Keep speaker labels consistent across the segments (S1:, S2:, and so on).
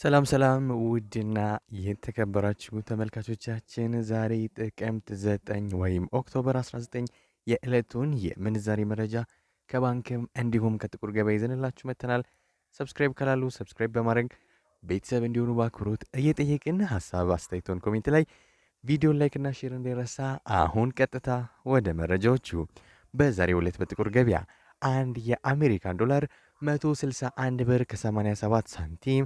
S1: ሰላም ሰላም ውድና የተከበራችሁ ተመልካቾቻችን ዛሬ ጥቅምት 9 ወይም ኦክቶበር 19 የዕለቱን የምንዛሬ መረጃ ከባንክም እንዲሁም ከጥቁር ገበያ ይዘንላችሁ መጥተናል። ሰብስክራይብ ካላሉ ሰብስክራይብ በማድረግ ቤተሰብ እንዲሆኑ በአክብሮት እየጠየቅን ሀሳብ አስተያየቶን ኮሜንት ላይ ቪዲዮ ላይክና ሼር እንዳይረሳ። አሁን ቀጥታ ወደ መረጃዎቹ። በዛሬው ዕለት በጥቁር ገበያ አንድ የአሜሪካን ዶላር 161 ብር ከ87 ሳንቲም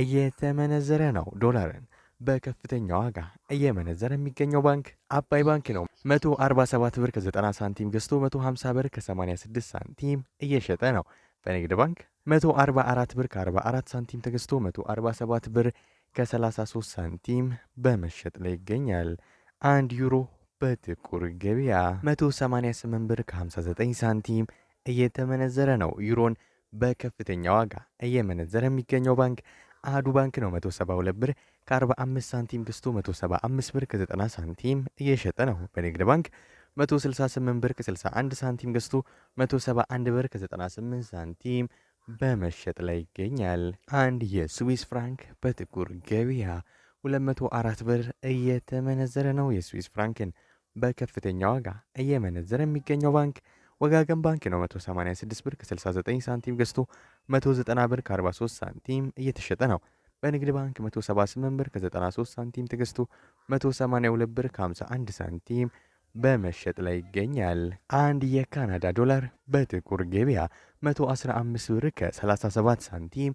S1: እየተመነዘረ ነው። ዶላርን በከፍተኛ ዋጋ እየመነዘረ የሚገኘው ባንክ አባይ ባንክ ነው። 147 ብር ከ90 ሳንቲም ገዝቶ 150 ብር ከ86 ሳንቲም እየሸጠ ነው። በንግድ ባንክ 144 ብር ከ44 ሳንቲም ተገዝቶ 147 ብር ከ33 ሳንቲም በመሸጥ ላይ ይገኛል። አንድ ዩሮ በጥቁር ገበያ 188 ብር ከ59 ሳንቲም እየተመነዘረ ነው። ዩሮን በከፍተኛ ዋጋ እየመነዘረ የሚገኘው ባንክ አህዱ ባንክ ነው 172 ብር ከ45 ሳንቲም ገዝቶ 175 ብር ከ90 ሳንቲም እየሸጠ ነው። በንግድ ባንክ 168 ብር ከ61 ሳንቲም ገዝቶ 171 ብር ከ98 ሳንቲም በመሸጥ ላይ ይገኛል። አንድ የስዊስ ፍራንክ በጥቁር ገበያ 204 ብር እየተመነዘረ ነው። የስዊስ ፍራንክን በከፍተኛ ዋጋ እየመነዘረ የሚገኘው ባንክ ወጋገን ባንክ ነው 186 ብር ከ69 ሳንቲም ገዝቶ 190 ብር ከ43 ሳንቲም እየተሸጠ ነው። በንግድ ባንክ 178 ብር ከ93 ሳንቲም ትግስቱ 182 ብር ከ51 ሳንቲም በመሸጥ ላይ ይገኛል። አንድ የካናዳ ዶላር በጥቁር ገበያ 115 ብር ከ37 ሳንቲም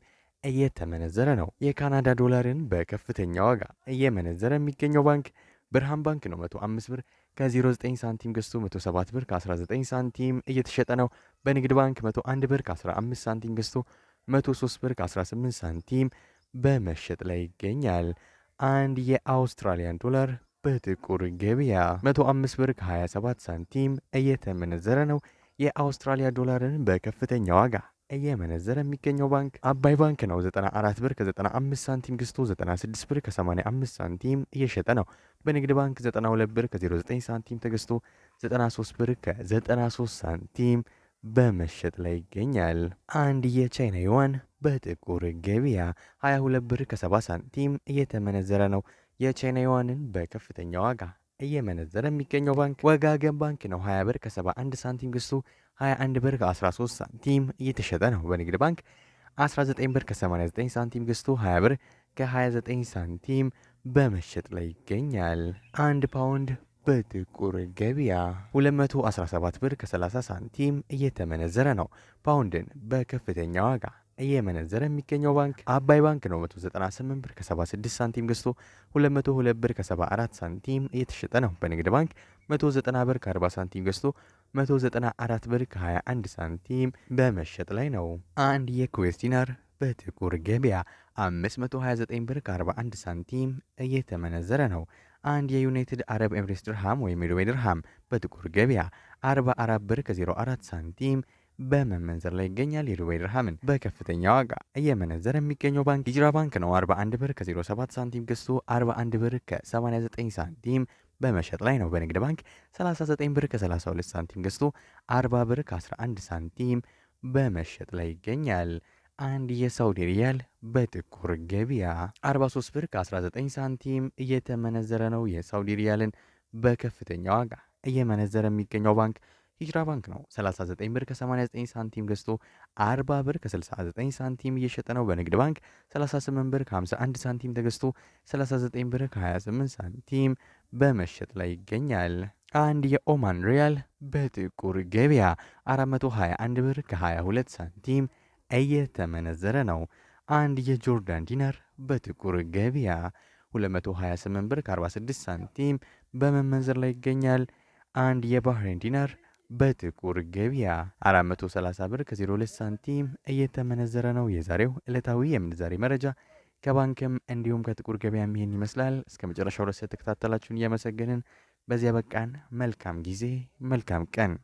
S1: እየተመነዘረ ነው። የካናዳ ዶላርን በከፍተኛ ዋጋ እየመነዘረ የሚገኘው ባንክ ብርሃን ባንክ ነው 105 ብር ከ09 ሳንቲም ገዝቶ 107 ብር ከ19 ሳንቲም እየተሸጠ ነው። በንግድ ባንክ 101 ብር ከ15 ሳንቲም ገዝቶ 103 ብር ከ18 ሳንቲም በመሸጥ ላይ ይገኛል። አንድ የአውስትራሊያን ዶላር በጥቁር ገበያ 105 ብር ከ27 ሳንቲም እየተመነዘረ ነው። የአውስትራሊያ ዶላርን በከፍተኛ ዋጋ እየመነዘረ የሚገኘው ባንክ አባይ ባንክ ነው። 94 ብር ከ95 ሳንቲም ገዝቶ 96 ብር ከ85 ሳንቲም እየሸጠ ነው። በንግድ ባንክ 92 ብር ከ09 ሳንቲም ተገዝቶ 93 ብር ከ93 ሳንቲም በመሸጥ ላይ ይገኛል። አንድ የቻይና ዩዋን በጥቁር ገበያ 22 ብር ከ70 ሳንቲም እየተመነዘረ ነው። የቻይና ዩዋንን በከፍተኛ ዋጋ እየመነዘረ የሚገኘው ባንክ ወጋገን ባንክ ነው። 20 ብር ከ71 ሳንቲም ገዝቶ 21 ብር ከ13 ሳንቲም እየተሸጠ ነው። በንግድ ባንክ 19 ብር ከ89 ሳንቲም ገዝቶ 20 ብር ከ29 ሳንቲም በመሸጥ ላይ ይገኛል። አንድ ፓውንድ በጥቁር ገበያ 217 ብር ከ30 ሳንቲም እየተመነዘረ ነው። ፓውንድን በከፍተኛ ዋጋ እየመነዘረ የሚገኘው ባንክ አባይ ባንክ ነው። 198 ብር ከ76 ሳንቲም ገዝቶ 202 ብር ከ74 ሳንቲም እየተሸጠ ነው። በንግድ ባንክ 190 ብር ከ40 ሳንቲም ገዝቶ 194 ብር ከ21 ሳንቲም በመሸጥ ላይ ነው። አንድ የኩዌት ዲናር በጥቁር ገበያ 529 ብር ከ41 ሳንቲም እየተመነዘረ ነው። አንድ የዩናይትድ አረብ ኤምሬስ ድርሃም ወይም የዱባይ ድርሃም በጥቁር ገበያ 44 ብር ከ04 ሳንቲም በመመንዘር ላይ ይገኛል። የዱባይ ድርሃምን በከፍተኛ ዋጋ እየመነዘረ የሚገኘው ባንክ ሂጅራ ባንክ ነው። 41 ብር ከ07 ሳንቲም ገዝቶ 41 ብር ከ89 ሳንቲም በመሸጥ ላይ ነው። በንግድ ባንክ 39 ብር ከ32 ሳንቲም ገዝቶ 40 ብር ከ11 ሳንቲም በመሸጥ ላይ ይገኛል። አንድ የሳውዲ ሪያል በጥቁር ገበያ 43 ብር ከ19 ሳንቲም እየተመነዘረ ነው። የሳውዲ ሪያልን በከፍተኛ ዋጋ እየመነዘረ የሚገኘው ባንክ ሂጅራ ባንክ ነው። 39 ብር ከ89 ሳንቲም ገዝቶ 40 ብር ከ69 ሳንቲም እየሸጠ ነው። በንግድ ባንክ 38 ብር ከ51 ሳንቲም ተገዝቶ 39 ብር ከ28 ሳንቲም በመሸጥ ላይ ይገኛል። አንድ የኦማን ሪያል በጥቁር ገበያ 421 ብር ከ22 ሳንቲም እየተመነዘረ ነው። አንድ የጆርዳን ዲነር በጥቁር ገበያ 228 ብር ከ46 ሳንቲም በመመንዘር ላይ ይገኛል። አንድ የባህሬን ዲናር በጥቁር ገበያ 430 ብር ከ02 ሳንቲም እየተመነዘረ ነው። የዛሬው ዕለታዊ የምንዛሬ መረጃ ከባንክም እንዲሁም ከጥቁር ገበያም ይህን ይመስላል። እስከ መጨረሻው ድረስ የተከታተላችሁን እያመሰገንን በዚያ በቃን። መልካም ጊዜ፣ መልካም ቀን